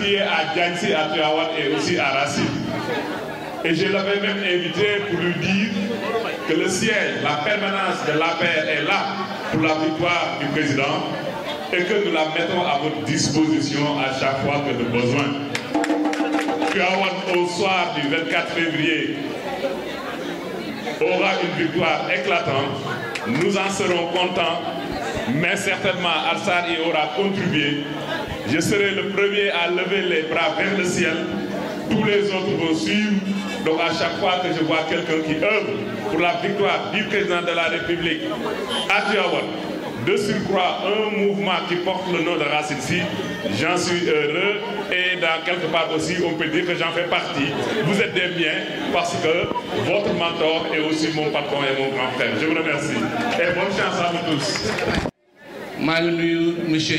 qui est à Djansi, à Tuawa et aussi à Rassi. Et je l'avais même invité pour lui dire que le ciel, la permanence de la paix est là pour la victoire du président et que nous la mettons à votre disposition à chaque fois que nous besoin. Tuawa, au soir du 24 février, aura une victoire éclatante. Nous en serons contents, mais certainement Arsar y aura contribué je serai le premier à lever les bras vers le ciel. Tous les autres vont suivre. Donc à chaque fois que je vois quelqu'un qui œuvre pour la victoire du président de la République à Tiawan, de surcroît un mouvement qui porte le nom de Racine j'en suis heureux et dans quelque part aussi on peut dire que j'en fais partie. Vous êtes des biens parce que votre mentor est aussi mon patron et mon grand frère. Je vous remercie et bonne chance à vous tous. Monsieur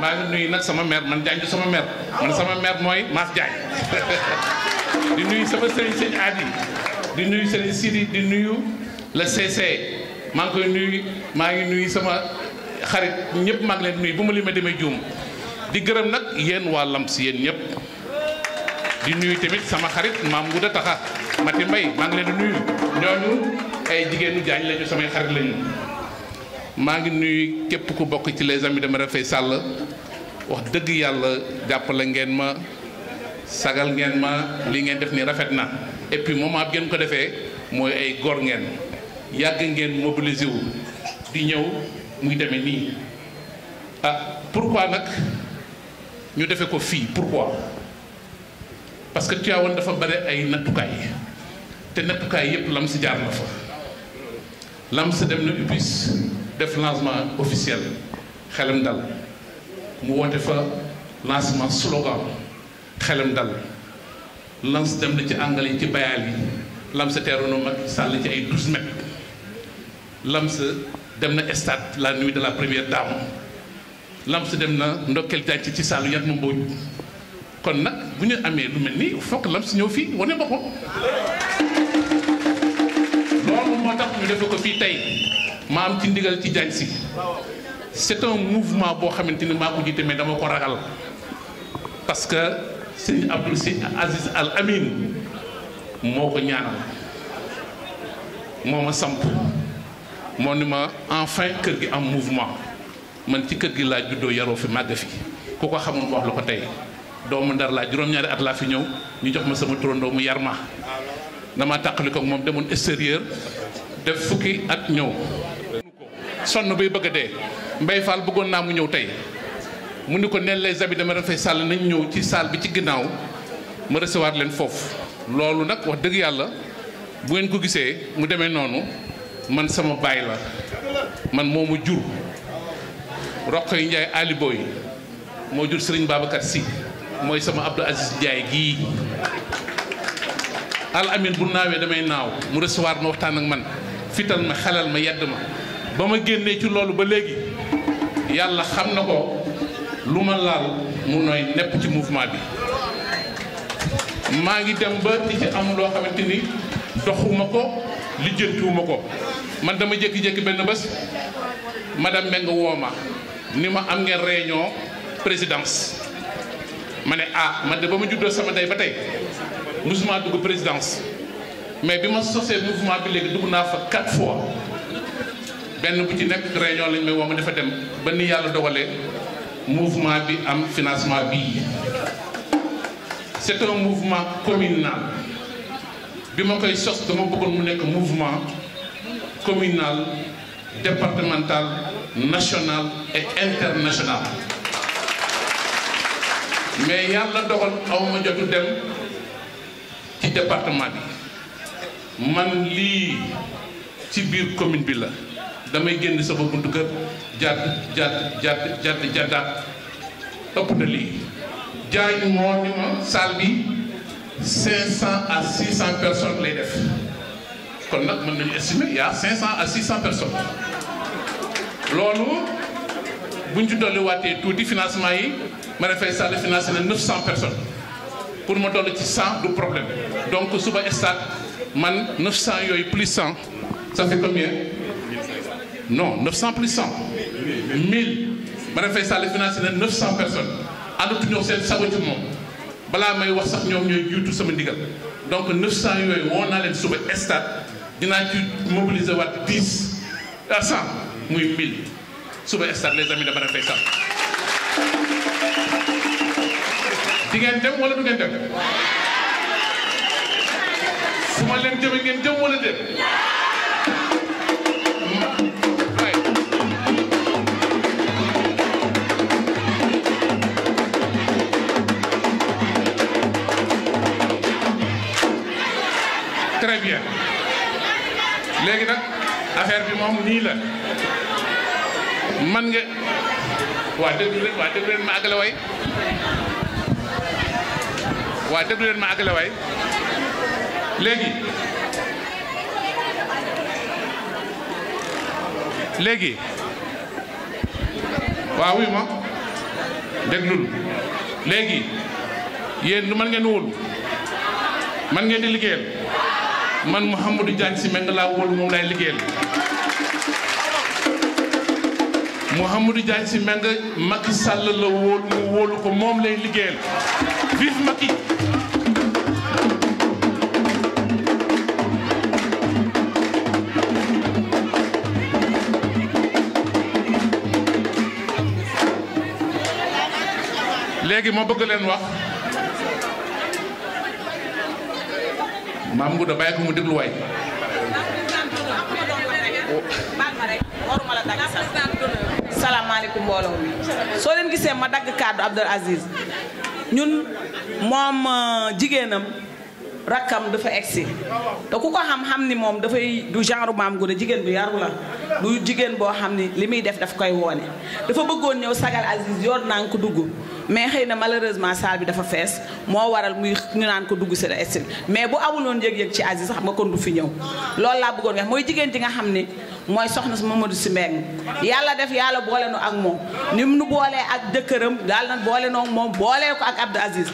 maa ngi nuyu nag sama mère man Diagne sama mère man sama mère mooy Mass Diagne di nuyu sama sëriñ sëñ Adi di nuyu sëriñ Sidi di nuyu le CC maa ngi koy nuyu maa ngi nuyu sama xarit ñëpp maa ngi leen nuyu bu ma lima demee juum di gërëm nag yéen waa si yéen ñëpp di nuyu tamit sama xarit maam Ngouda Taxa Mati Mbay maa ngi leen di nuyu ñooñu ay jigéenu Diagne lañu samay xarit lañu. maa ngi nuyu képp ku bokk ci les amis de Marème Sall wax dëgg yàlla jàppale ngeen ma sagal ngeen ma li ngeen def ni rafet na et puis moment bi ngeen ko defee mooy ay gor ngeen yàgg ngeen mobiliser wu di ñëw muy demee nii ah pourquoi nag ñu defee ko fii pourquoi parce que Tivaouane dafa bare ay nattukaay te nattukaay yépp lam si jaar la fa lam si dem na ubis def lancement officiel xelam dal mu woote fa lancement slogan xelam dal lance dem na ci anglais yi ci bayaal yi lam sa teerono Macky Sall ci ay douze mètres lam sa dem na stade la nuit de la première dame lam sa dem na ndokkel ci ci saalu yat ma mbooj kon nag bu ñu amee lu mel nii fokk lam si ñëw fii wane boppam loolu moo tax ñu def ko fii tey maa am ci ndigal ci Diagne si c'est un mouvement boo xamante ni maa ko jiite mais dama ko ragal parce que sëñ Abdou si Aziz Al Amin moo ko ñaanal moo ma samp moo ni ma enfin kër gi am mouvement man ci kër gi laa juddoo yaroo fi màgg fi ku ko xamoon wax la ko tey doomu ndar laa juróom-ñaari at laa fi ñëw ñu jox ma sama turandoo mu yar ma dama tàqali ko moom demoon extérieur def fukki at ñëw sonn bay bëgg a dee Mbaye Fall bëggoon naa mu ñëw tey mu ni ko neen les amis dama rafet sàll nañ ñëw ci saal bi ci ginnaaw ma recevoir leen foofu loolu nag wax dëgg yàlla bu ngeen ko gisee mu demee noonu man sama baay la man moomu ma jur Rokhaya Ndiaye Ali Boy moo jur Serigne Babacar Sy mooy sama Abdou Aziz Ndiaye gii al amin bu naawee damay naaw mu recevoir ma waxtaan ak man fital ma xelal ma yedd ma ba ma génnee ci loolu ba léegi yàlla xam na ko lu ma laal mu nooy nepp ci mouvement bi maa ngi dem ba di ci am loo xamante ni doxuma ko lijjantiwuma ko man dama jékki-jékki benn bés madame Mbengue woo ma ni ma am ngeen réunion présidence ma ne ah man de ba ma juddoo sama day ba tey musuma dugg présidence mais bi ma sosee mouvement bi léegi dugg naa fa quatre fois ben bu ci nek réunion lañ may wo mu defa dem ba ni yalla dogalé mouvement bi am financement bi c'est un mouvement communal bima koy sos dama bëggoon mu nek mouvement communal départemental national et international mais yalla dogal awma jottu dem ci département bi man li ci bir commune bi la Je suis en train de 500 à 600 personnes. Comme je l'ai estimé, il y a 500 à 600 personnes. Lorsque je suis en train de faire des financements, je suis en 900 personnes. Pour moi, je 100, en train problèmes. Donc, je suis en train de 900 plus 100, ça fait combien? non 900 plus 100 1000 Marième ça les finances, c'est 900 personnes Alors seen sago ci moom balaa may wax sax ñoom ñooy jiitu sama ndigal donc 900 yooyu on a les suba stade dinaa ci mobiliser 10 à 100 oui, 1000 sous stade les amis de Marième ça. Sall. di ngeen vous wala léegi nag affaire bi moom nii la man nga waa déglu leen waa ma àggale waay waa leen ma àggale léegi léegi waaw wuy ma déglul léegi yéen lu man ngeen wóolu man ngeen di liggéeyal man Mouhamadou Diagne Sy Mbengue laa wóolu moom laay liggéeyal Mouhamadou Diagne Sy Mbengue Macky Sall la wóolu mu wóolu ko moom lay liggéeyal vive Macky léegi ma bëgg leen wax maam Ngouda bàyyi ko mu déglu waay. salaamaaleykum mbooloo mi soo leen gisee ma dagg kàddu Abdou Aziz ñun moom euh, jigéenam rakkam dafa egsi te ku ko xam-xam ni moom dafay du genre maam Ngouda jigéen bu yaru la du jigéen boo xam ni li muy def daf koy woone dafa bëggoon ñëw sagal Aziz yoon naa ko dugg mais xëy na malheureusement salle bi dafa fees moo waral muy ñu naan ko dugg si la mais bu amuloon woon yëg-yëg ci Aziz xam nga kon du fi ñëw loolu laa bëggoon wax mooy jigéen ji nga xam ne mooy soxna Mamadou Sy Mbengue yàlla def yàlla boole nu ak moom ni mu nu boolee ak jëkkëram daal na boole noo moom boolee ko ak Abdou Aziz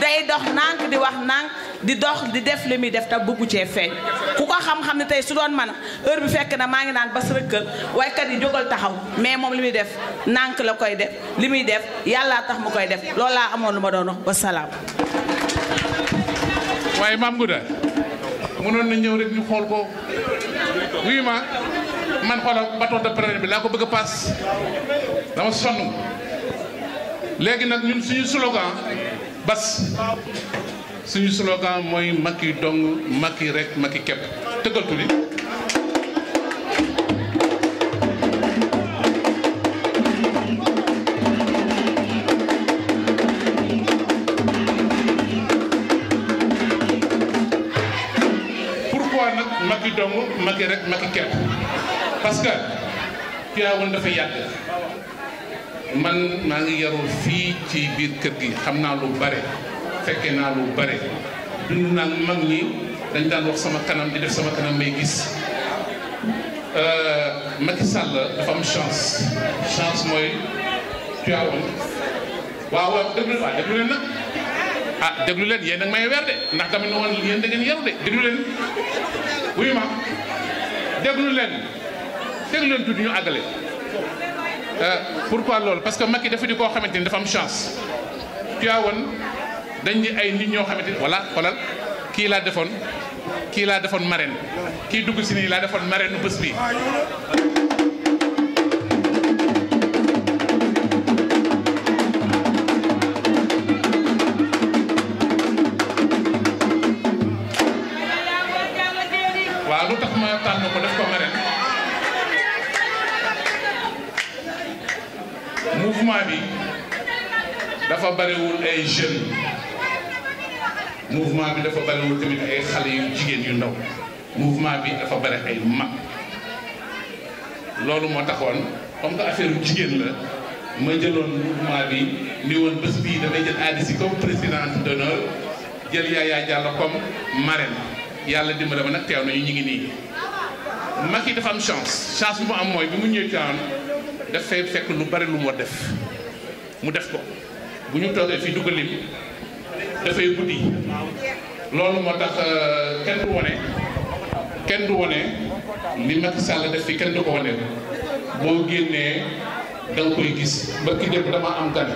day dox nànk di wax nànk di dox di def li muy def te bëggu cee feeñ ku ko xam-xam ne tey su doon mën a heure bi fekk na maa ngi naan bas rëkkal waykat yi jógal taxaw mais moom li muy def nànk la koy def li muy def yàlla tax mu koy def loolu laa amoon lu ma doon wax wasalaam. waaye maam Gouda mënoon na ñëw rek man xoolal bâton de pèlerin bi laa ko bëgg a paas dama sonn léegi nag ñun suñu slogan bas suñu slogan mooy Macky dong Macky rek Macky képp tëggal tuli parce que Tivaouane dafa yàgg man maa ngi yaroo fii ci biir kër gi xam naa lu bare fekke naa lu bare dund naa mag ñi dañ daan wax sama kanam di def sama kanam may gis euh, Macky Sall dafa am chance chance mooy Tivaouane waaw waaw leen nag ah déglu leen yéen nag may weer de ndax tamit woon yéen da ngeen yaru de déglu leen wuyu ma déglu leen teg leen tuuti ñu àggale euh, pourquoi loolu parce que Macky dafa di koo xamante ni dafa am chance dañ di ay nit ñoo xamante ni voilà xoolal kii laa defoon kii laa defoon marraine kii dugg si nii laa defoon nu bës bi dalul tamit ay xale yu jigéen yu ndaw mouvement bi dafa bari ay mag loolu moo taxoon comme que affaire bu jigéen la ma jëloon mouvement bi ni woon bés bii damay jël Adi Sy comme présidente d'honneur jël Yaya Diallo comme marraine yàlla dimbale ma nag teew nañu ñu ngi nii mag yi dafa am chance chance bi mu am mooy bi mu ñëw Tiwaawan dafay fekk lu bari lu moo def mu def ko bu ñu toogee fii dugg lim dafay guddi loolu moo tax euh, kenn du wone kenn du wone li Macky Sall def fi kenn du ko wone boo génnee da koy gis mbëkki dem dama am gan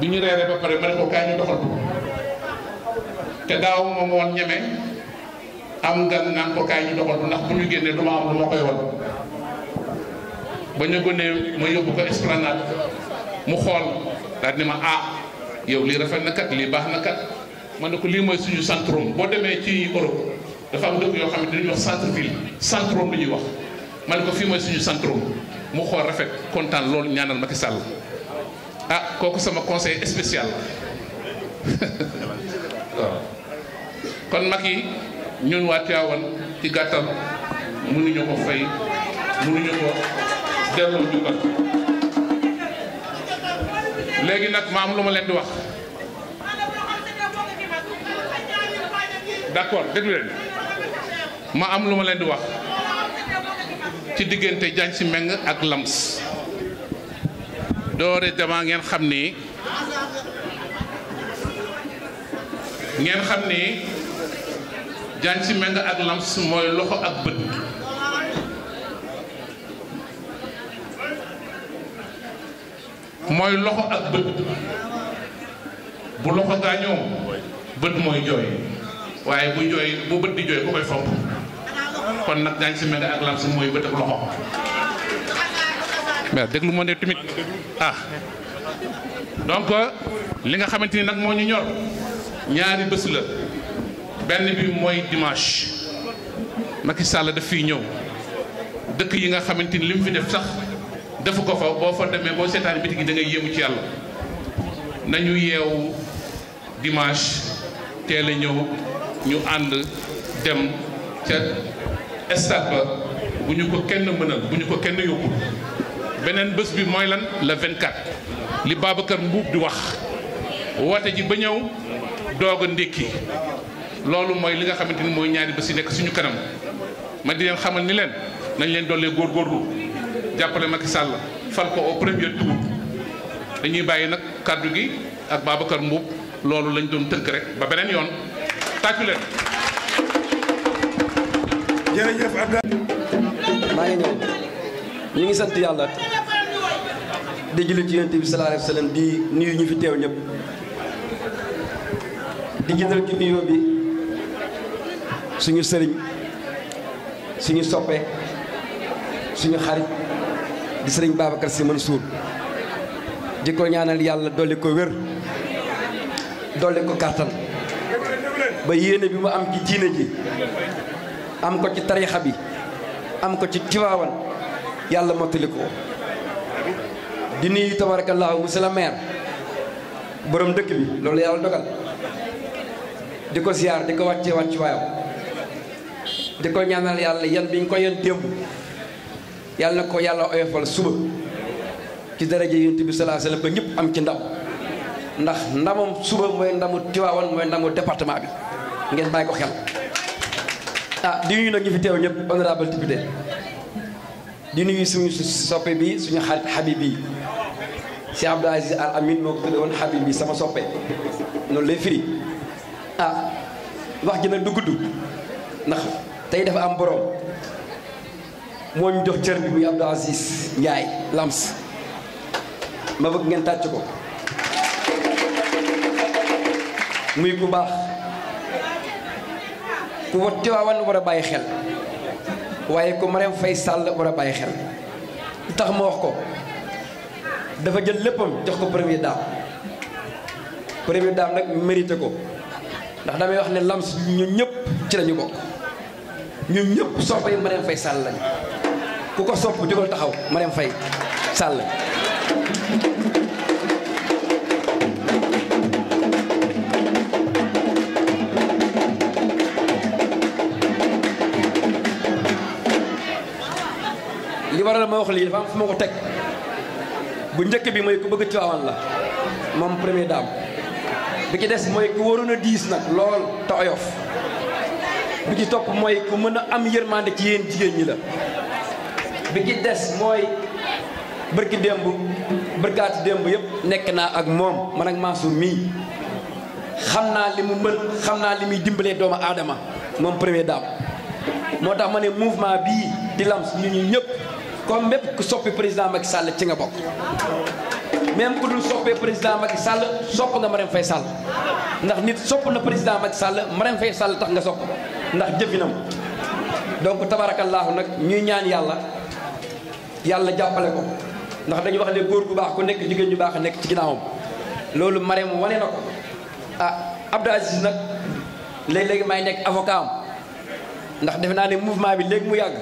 bi ñu reeree ba pare ma ne ko kaay ñu doxal te daaw ma ñeme am gan naan ko kaay ñu doxal ko ndax bu ñu génnee duma am lu ma koy won ba ñu gënee ma yóbbu ko esplanade mu xool daal di ma ah yow lii rafet na kat lii baax na kat man ne ko lii mooy suñu centre boo demee ci Europe dafa am dëkk yoo xam ne dañuy wax centre ville centre Rome ñuy wax man ne ko fii mooy suñu centre Rome mu rafet kontaan loolu ñaanal Macky Sall ah kooku sama conseil spécial waaw kon yi ñun waa Tivaouane ci gàttal mënuñu ko fay mënuñu ko delloo njukkal léegi nag ma am lu ma leen di wax. d'accord déglu leen ma am lu ma leen di wax ci diggante Diagne si Mbengue ak Lams doore dama ngeen xam ni ngeen xam ni Diagne Sy Mbengue ak Lams mooy loxo ak bët mooy loxo ak bët bu loxo gaañoo bët mooy jooy waaye bu jooy bu bët di jooy ku koy fomp kon nag gaañ si mel ak lam mooy bët ak loxo mais déglu moo ne tamit ah donc li nga xamante ni nag moo ñu ñor ñaari bés la benn bi mooy dimanche Macky Sall daf fiy ñëw dëkk yi nga xamante ni li fi def sax defu ko fa boo fa demee boo seetaan bitig yi da ngay yéemu ci yàlla nañu yeewu dimanche teel a ñëw ñu ànd dem ca stade ba bu ñu ko kenn mënal bu ñu ko kenn yóbbul beneen bés bi mooy lan le 24 li Babacar Mbuub di wax woote ji ba ñëw doog a ndékki loolu mooy li nga xamante ni mooy ñaari bés yi nekk suñu kanam ma di leen xamal ni leen nañ leen dollee góorgóorlu jàppale Macky Sall fal ko au premier tour dañuy bàyyi nag kàddu gi ak Babacar Mbuub loolu lañ doon tënk rek ba beneen yoon. tàccu leen. maa ngi ñëw ñu ngi sant yàlla di julli ci yonent bi sallallahu alayhi wa sallam di ñu fi teew ñëpp bi suñu sëriñ suñu soppe suñu xarit di sëriñ Babacar Sy Mansour di ko ñaanal yàlla dolli ko wér dolli ko kàttan ba yéene bi mu am ci diine ji am ko ci tarixa bi am ko ci tiwaawan yàlla mottali ko di nuyu tabarakallahu monsieur le borom dëkk bi loolu yàlla dogal di ko ziar di ko wàccee wàcc waayam di ko ñaanal yàlla yan bi ñu ko yan démb yàlla na ko yàlla oyofal suba ci daraja yonent bi sallallahu ba ñëpp am ci ndaw ndax ndamam suba mooy ndamu Tiwaawan mooy ndamu département bi ngeen bàyyi ko xel ah di nuyu nag ñu fi teew ñëpp honorable député di nuyu suñu soppe bi suñu xarit Habib bi si Abdou Aziz Al Amin moo ko tudde woon bi sama soppe noonu lay firi ah wax ji nag du ndax tey dafa am borom moo ñu jox cër bi muy Abdou Aziz Ndiaye Lams ma bëgg ngeen tàcc ko muy ku baax ku Tiwaawan war a bàyyi xel waaye ku Marème Faye sàll war a bàyyi xel lu tax ma wax ko dafa jël léppam jox ko première dame première dame nag mérité ko ndax damay wax ne lams ñu ñëpp ci lañu bokk ñun ñëpp soppay Marème Faye Sall lañu ku ko sopp jógal taxaw Marème Faye Sall ma wax lii dafa am fu ma ko teg bu njëkk bi mooy ku bëgg Tiwaawan la moom première dame bi ci des mooy ku a diis nag lool te ci topp mooy mën a am yërmande ci jigéen ñi la bi des mooy bërki démb démb yëpp nekk naa ak moom man ak xam naa li mu naa li muy dimbalee doomu aadama moom première dame moo tax ma ne mouvement bi di lams ñu ñu ñëpp kon mépp ku soppi président Macky Sall ci nga bokk même ku dul soppee président Macky Sall sopp nga Marème fay Sall ndax nit sopp na président Macky sàll Marème Faye Sall tax nga sopp ndax jëfinam donc tabaarakallaahu nag ñuy ñaan yàlla yàlla jàppale ko ndax dañu wax ne góor gu baax ku nekk jigéen ñu baax a nekk ci ginnaawam loolu Marème wane na ko ah Abdou Aziz nag léeg-léegi may nekk avocat ndax defe naa ne mouvement bi léegi mu yàgg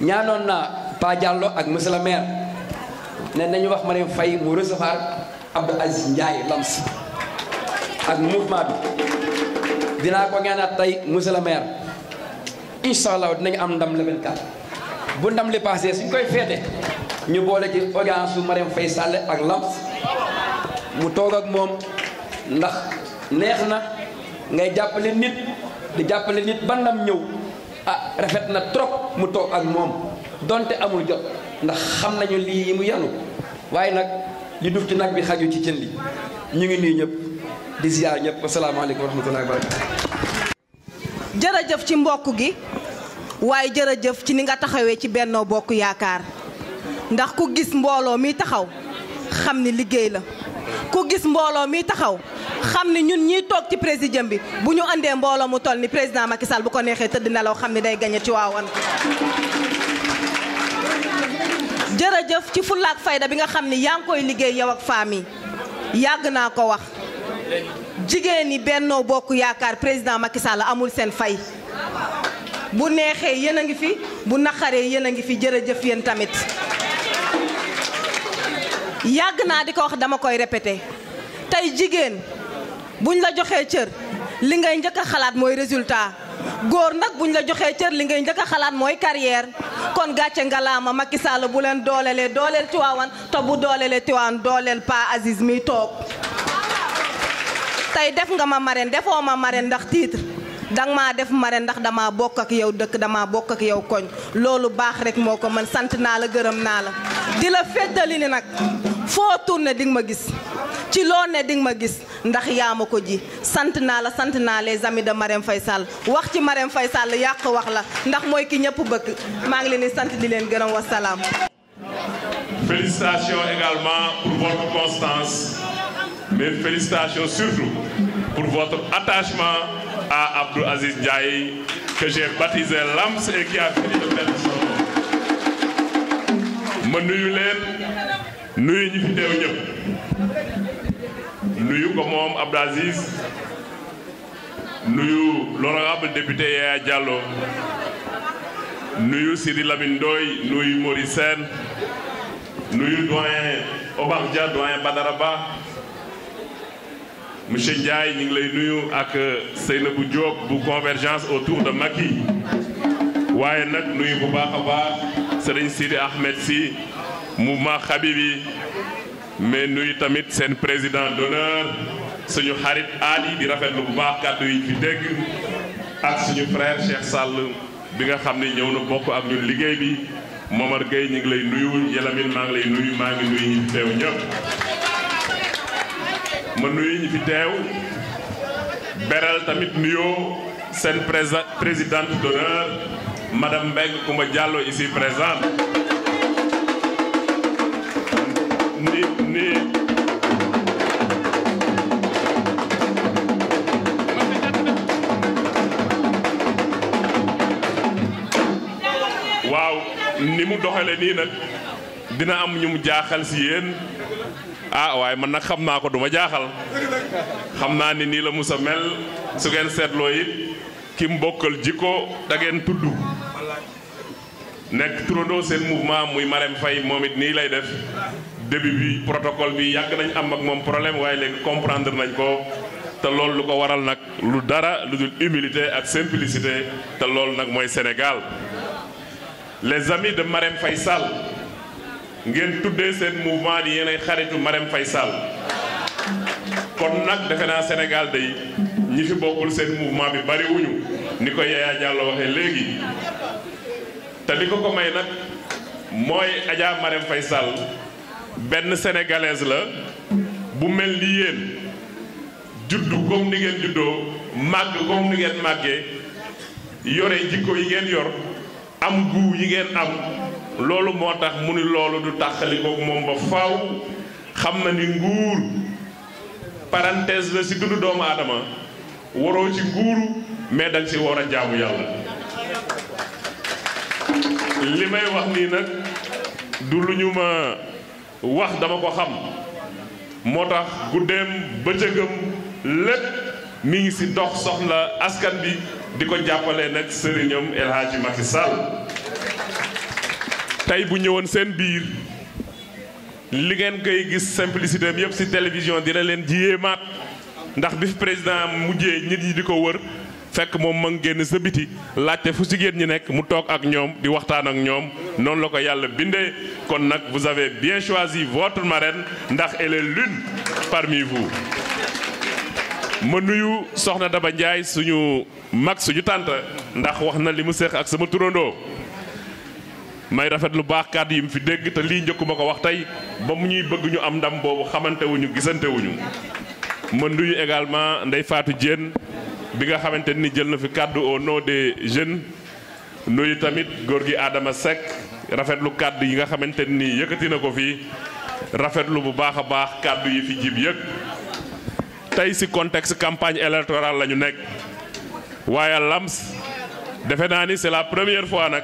ñaanoon naa Pa Diallo ak monsieur le ne nañu wax Marième fay mu recevoir Abdou Aziz Ndiaye Lams ak mouvement bi dinaa ko ñaanaat tey monsieur le maire dinañu am ndam le bu ndam li passé suñ koy feete ñu boole ci audience su Marième Faye Sall ak Lams mu toog ak moom ndax neex na ngay jàppale nit di jàppale nit ba ndam ñëw ah rafet na trop mu toog ak moom donte amul jot ndax xam nañu lii mu yanu waaye nag li duf ci nag bi xaju ci cin li ñu ngi nii ñëpp di ziar ñëpp asalaamaaleykum wa rahmatullahi wa barakatu jërëjëf ci mbokk gi waaye jërëjëf ci ni nga taxawee ci Benno Bokk Yaakaar ndax ku gis mbooloo mi taxaw xam ni liggéey la ku gis mbooloo mi taxaw xam ni ñun ñiy toog ci président bi bu ñu indee mbooloo mu toll ni président Macky Sall bu ko neexee tëdd nelaw xam ni day gañe ci waawoon jërëjëf ci fullaak fayda bi nga xam ni yaa ngi koy liggéey yow ak famille yàgg naa ko wax jigéen ñi bennoo bokk yaakaar président Macky Sall amul seen fay bu neexee yéen a ngi fi bu naqaree yéen a ngi fi jërëjëf yéen tamit yàgg naa di ko wax dama koy répété tey jigéen buñ la joxee cër li ngay njëkk xalaat mooy résultat góor nag buñ la joxee cër li ngay njëkk xalaat mooy carrière kon gàcce ngalaama Macky Sall bu leen doolelee dooleel Tiwaawan te bu doolelee Tiwaawan dooleel Pa Aziz mi toog tey def nga ma marraine defoo ma marraine ndax titre danga maa def marraine ndax dama bokk ak yow dëkk damaa bokk ak yow koñ loolu baax rek moo ko mën sant naa la gërëm naa la De la fête de l'île, foo tourné di nga ma gis ci lo ne ding ma gis ndax yaa ma ko ji sante na la sante na les amis de Marème Faye wax ci Marème Faye Sall yàq wax la ndax moy ki ñëpp bëgg ma ngi leen di sant di leen gërëm wasalaam. Félicitations également pour votre constance, mais félicitations surtout pour votre attachement à Abdou Aziz Ndiaye, que j'ai baptisé l'AMS et qui a fini de faire ma nuyu leen nuyu ñi fi teew ñëpp nuyu ko moom Abdou nuyu l'honorable député Yaya Diallo nuyu Sidi Lamine nuyu Maurice nuyu doyen Omar Dia doyen Badara Ba monsieur Ndiaye ñu lay nuyu ak Seynabou Diop bu convergence autour de Macky waaye nag nuy bu baax a baax sëriñ Sidi Ahmed si mouvement Habib yi mais nuyu tamit seen président d'honneur suñu xarit Ali di rafetlu bu baax kàddu yi fi dégg ak suñu frère Cheikh Sall bi nga xam ne ñëw na bokk ak ñun liggéey bi Momar Gueye ñu ngi lay nuyu Yelamin maa ngi lay nuyu maa ngi nuyu ñi fi teew ñëpp ma nuyu ñi fi teew beral tamit nuyoo seen présidente d'honneur Madame Beng Kumba Diallo ici présente. Ni, ni... waaw ni mu doxale dina am ñu jaaxal si yéen ah waaye man ko duma jaaxal xam ni la musa mel su ngeen seetloo it da nek trondo mouvement muy marem Faye Momit ni début bi protocole bi problème comprendre nañ ko te lu ko waral lu dara humilité ak simplicité té Sénégal les amis de marem Faye Sall ngeen mouvement di yéenay xaritu kon Sénégal day ñi fi mouvement bi bari wuñu te li ko ko may nag mooy Adja Marème Faye Sall benn sénégalaise la bu mel ni yéen juddu comme ni ngeen juddoo màgg comme ni màggee yore jikko yi ngeen yor am guu yi ngeen am loolu moo tax mu ni loolu du tàqali ko moom ba faaw xam na ni nguur parenthèse la ci dundu doomu aadama waroo ci nguuru mais dal si war a jaamu yàlla li may wax nii nag du lu ñu ma wax dama ko xam moo tax guddeem bëccëgam lépp mi ngi si dox soxla askan bi di ko jàppale nag sëriñam El Hadji Macky Sall tey bu ñëwoon seen biir li ngeen koy gis simplicité am yëpp si télévision dina leen jiyee maat ndax bi fi président mujjee nit ñi di ko wër fekk que ma ngi génn sa biti laajte fu jigéen ñi nek mu tok ak ñom di waxtaan ak ñom non la ko yalla kon nak vous avez bien choisi votre marraine ndax elle est l'une parmi vous ma nuyu soxna Daba ndjay suñu max suñu tante ndax waxna limu li ak sama turondo may rafet lu baax kàddu yi fi dégg te li njëkkuma ko wax tay ba mu ñuy bëgg ñu am ndam bobu xamanté wuñu wuñu nuyu également Ndeye Fatou Diène bi nga xamanteni jël na fi kàddu au nom des jeunes nuyu tamit gor gui Adama Seck rafetlu kàddu yi nga xamanteni yëkëti nako fi rafetlu bu baaxa baax kàddu yi fi jib yëk tay si contexte campagne électorale lañu nek waya Lams defé na ni c'est la première fois nak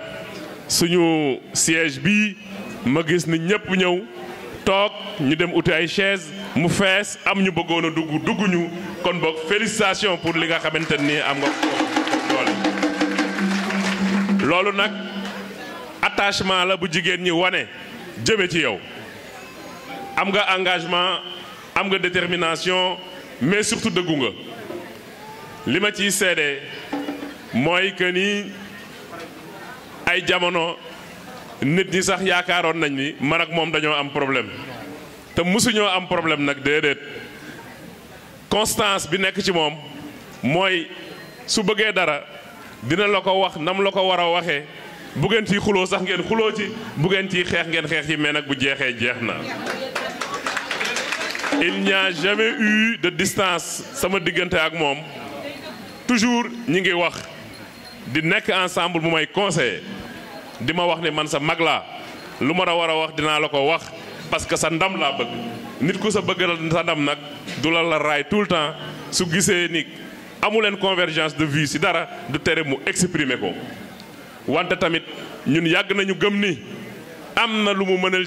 suñu siège bi ma gis ni ñëpp ñëw tok ñu dem outil ay chaise mu fess am ñu bëggono a dugg ñu kon boog félicitation pour li nga xamante nii am nga lool loolu nag attachement la bu jigéen ñi wane jëme ci yow am nga engagement am nga détermination mais surtout dëggu nga li ma ciy seede mooy que nii ay jamono nit ñi sax yaakaaroon nañ ni man ak moom dañoo am problème te mësuñoo am problème nag déedéet constance bi nekk ci moom mooy su bëggee dara dina la ko wax nam la ko war a waxee bu ngeen ciy xuloo sax ngeen xuloo ci bu ngeen ciy xeex ngeen xeex yi mais nag bu jeexee jeex na. il n'y a jamais eu de distance sama diggante ak moom toujours ñi ngi wax di nekk ensemble mu may conseiller di ma wax ne man sa mag laa lu ma la war a wax dinaa la ko wax parce que sa ndam laa bëgg. nit ko sa bëggal sa ndam nag du la tout le temps su gisee ni amulen convergence de vie si dara du tere mu exprimer ko wante tamit ñun yàgg nañu gëm ni am na lu mu mënal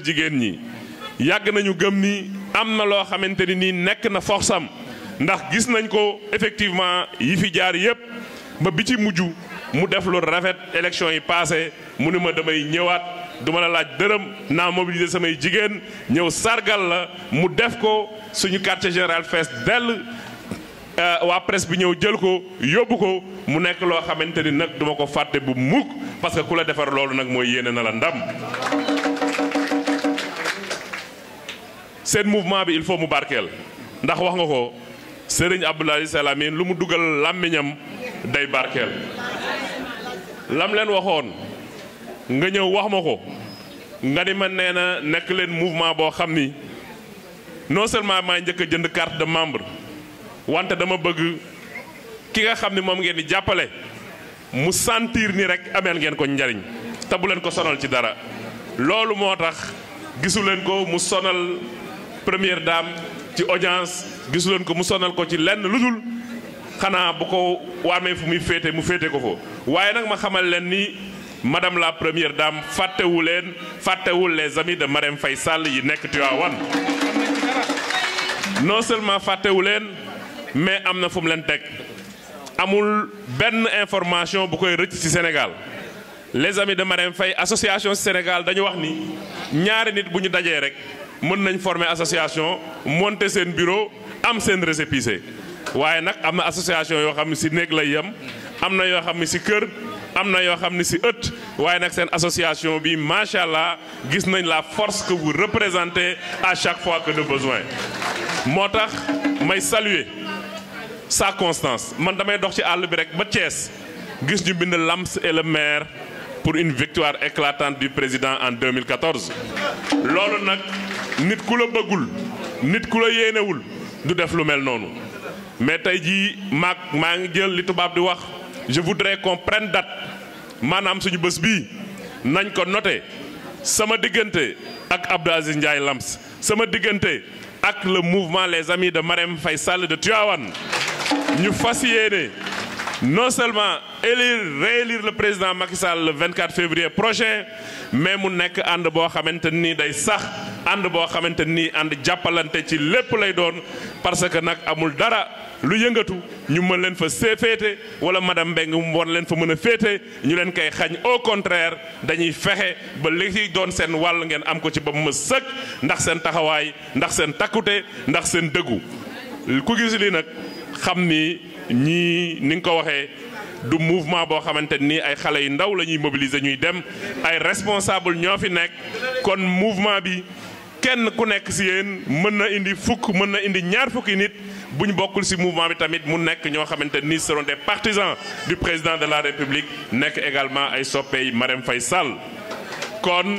am na loo ni na force gis nañ ko effectivement fi jaar yépp ba bi ci mu def lu rafet yi passé duma la laaj dërëm naa mobiliser samay jigéen ñëw sargal la mu def ko suñu quartier général fees dell euh, waa presse bi ñëw jël ko yóbbu ko mu nekk loo xamante ni nag duma ko fàtte bu mukk parce que ku la defar loolu nag mooy yéene na la ndam seen mouvement bi il faut mu barkeel ndax wax nga ko Serigne Abdoul Aziz Al Amine lu mu dugal làmmiñam day barkeel lam leen waxoon nga ñëw wax ma ko nga ni ma nee na nekk leen mouvement boo xam ni non seulement maay njëkk a jënd carte de membre wante dama bëgg ki nga xam ni moom ngeen di jàppale mu sentir nii rek ameel ngeen ko njariñ te leen ko sonal ci dara loolu moo tax gisu leen ko mu sonal première daam ci audience gisu leen ko mu sonal ko ci lenn lu dul xanaa bu ko waamee fu muy féete mu féete ko fo waaye nag ma xamal leen ni madame la première dame Fatehoulen, leen les amis de Marème Fayçal Sall yi nekk non seulement Fatehoulen, mais Amna na fu mu amul information bu koy rëcc ci Sénégal les amis de Marème Fay association Sénégal dañu wax ni ñaari nit bu ñu rek mën nañ former association monter son bureau am seen récépissé waaye nag association yo xam ne ci lay nous yo xamni ci association bi machallah la force que vous représentez à chaque fois que de besoin motax may saluer sa constance man damay dox ci rek ba le maire pour une victoire éclatante du président en 2014 nit nit du je voudrais qu'on prenne date manam suñu bëss bi nañ ko noté sama digënté ak Lams le mouvement les amis de Marem Faisal de Tivaouane ñu suis non seulement élire réélire le président Macky Sall le 24 février prochain mais mu nekk and ànd boo xamante nii ànd jàppalante ci lépp lay doon parce que nag amul dara lu yëngatu ñu mën leen fa see féete wala madame Mbengue mu leen fa mën a féete ñu leen koy xañ au contraire dañuy fexe ba li ciy doon seen wàll ngeen am ko ci ba mu sëkk ndax seen taxawaay ndax seen takkute ndax seen dëggu ku gis lii nag xam ni ñii ni nga ko waxee du mouvement boo xamante nii ay xale yu ndaw la ñuy mobiliser ñuy dem ay responsable ñoo fi nekk kon mouvement bi kenn ku nekk si yéen mën na indi fukk mën na indi ñaar fukki nit bu ñu bokkul si mouvement bi tamit mu nekk ñoo xamante ni seront des partisans du président de la république nekk également ay soppey Marème Faye Sall. kon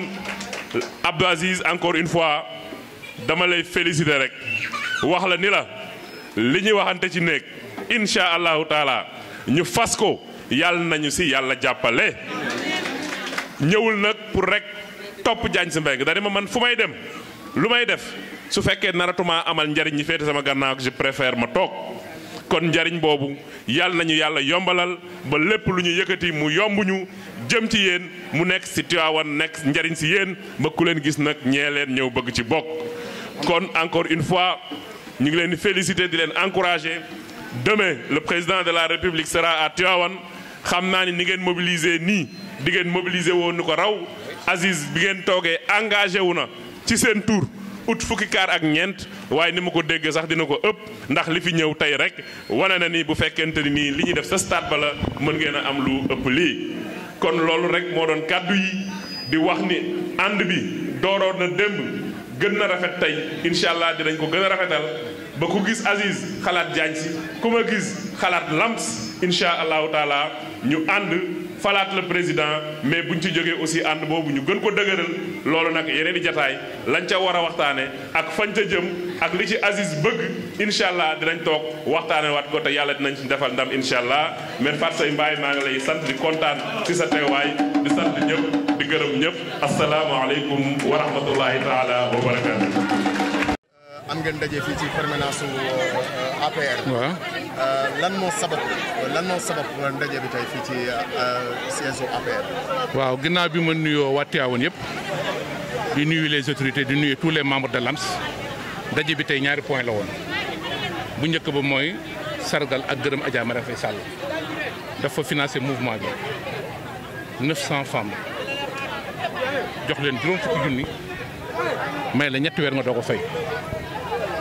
Abdou Aziz encore une fois dama lay féliciter rek wax la ni la li ñuy waxante ci néeg incha allahu taala ñu fas ko yàlla nañu si yàlla jàppale. ñëwul nag pour rek topp Diagne Sy Mbengue da ma man fu may dem. lumay def su fekke naratuma amal njariñ ñi fété sama gannaaw je préfère ma tok kon njariñ bobu yal nañu yalla yombalal ba yaketi luñu yëkëti mu yombuñu jëm ci mu nekk ci Tiwaawan nekk njariñ ci yéen ba ku leen gis nak bëgg ci kon encore une fois ñu ngi leen féliciter di leen encourager demain le président de la République sera à Tivaouane xam ni ni ngeen mobiliser nii di woon ko raw Aziz bi ngeen toogee engagé wu ci seen tur ut fukki kaar ak ñeent waaye ni ma ko déggee sax dina ko ëpp ndax li fi ñëw tey rek wane na ni bu fekkente ni li ñuy def sa stade ba la mën ngeen am lu ëpp lii. kon loolu rek moo doon kàddu yi di wax ni ànd bi dooroon na démb gën na rafet tey incha allah dinañ ko gën a rafetal ba ku gis Aziz xalaat jaañ si ku ma gis xalaat Lams incha allahu taala ñu ànd. falaat la président mais buñ ci jógee aussi ànd boobu ñu gën ko dëgëral loolu nag yeneen di jataay lañ ca war a waxtaane ak fañ ca jëm ak li ci Aziz bëgg incha allah dinañ toog waxtaane waat ko te yàlla dinañ ci defal ndam incha allah mais Fatou Seye Mbaye maa ngi lay sant di kontaan ci sa teewaay di sant ñëpp di gërëm ñëpp asalaamualeykum wa rahmatullahi taala wa barakatu am ngeen daje fii ci permanence su euh, euh, lan moo sabab lan moo sabab ndaje bi tey fii ci euh, siège APR. waaw ginnaaw bi ma nuyoo waa woon yëpp di nuyu les autorités di nuyu tous les membres de l'AMS ndaje bi tey ñaari point la woon bu njëkk ba mooy sargal ak gërëm Adja Marème Faye Sall dafa financé mouvement bi 900 femmes jox leen juróom fukki junni may la ñetti weer nga doo ko fay.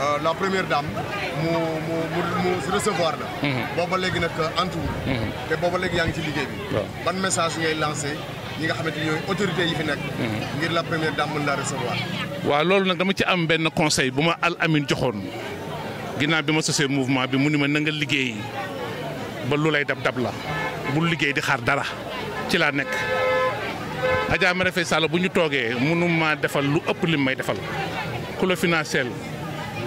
Euh, la première dame mu mu mu mu la. Mhm. booba léegi nag euh, antuwul. Mhm. te booba léegi yaa ngi ci liggéey bi. ban message ngay lancé ñi nga xamante ni yooyu autorité yi fi nekk. Mhm. ngir la première dame mën laa recevoir. waa loolu nag dama ci am benn conseil bu ma Al Amine joxoon ginnaaw bi ma sosee mouvement bi mu ni ma nanga nga liggéey ba lu lay dab dab la bu liggéey di xaar dara ci laa nekk. Adja Marème Faye bu ñu toogee mënu maa defal lu ëpp lim may defal ku la financier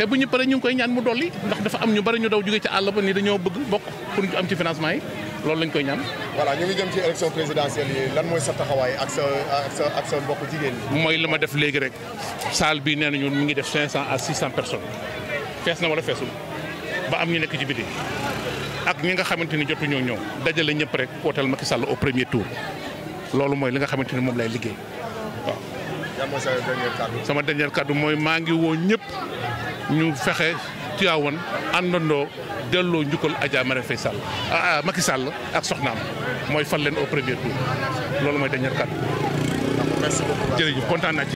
te bu ñu paree ñu ngi koy ñaan mu dolli ndax dafa am ñu bari ñu daw jóge ci àll ba ni dañoo bëgg bokk pour ñu am ci financement yi loolu lañ koy ñaan. voilà ñu ngi ci élection lan mooy sa taxawaay ak sa bokk jigéen ñi. mooy li ma def léegi rek salle bi nee nañu mu ngi def cinq 500 à 600 personnes fees na wala feesul ba am ñu nekk ci biti ak ñi nga xamante ni jotuñoo ñëw dajale ñëpp rek ma ki Sall au premier tour loolu mooy li nga xamante ni moom lay liggéey. sama dernier kàddu mooy maa ngi woo ñëpp ñu fexe Tiwaawan àndandoo delloo njukkal Adja Marème Faye Sall ah, ah Macky Sall ak soxnaam mooy fal leen au premier tour loolu mooy dernier kàddu. jërëjëf kontaan naa ci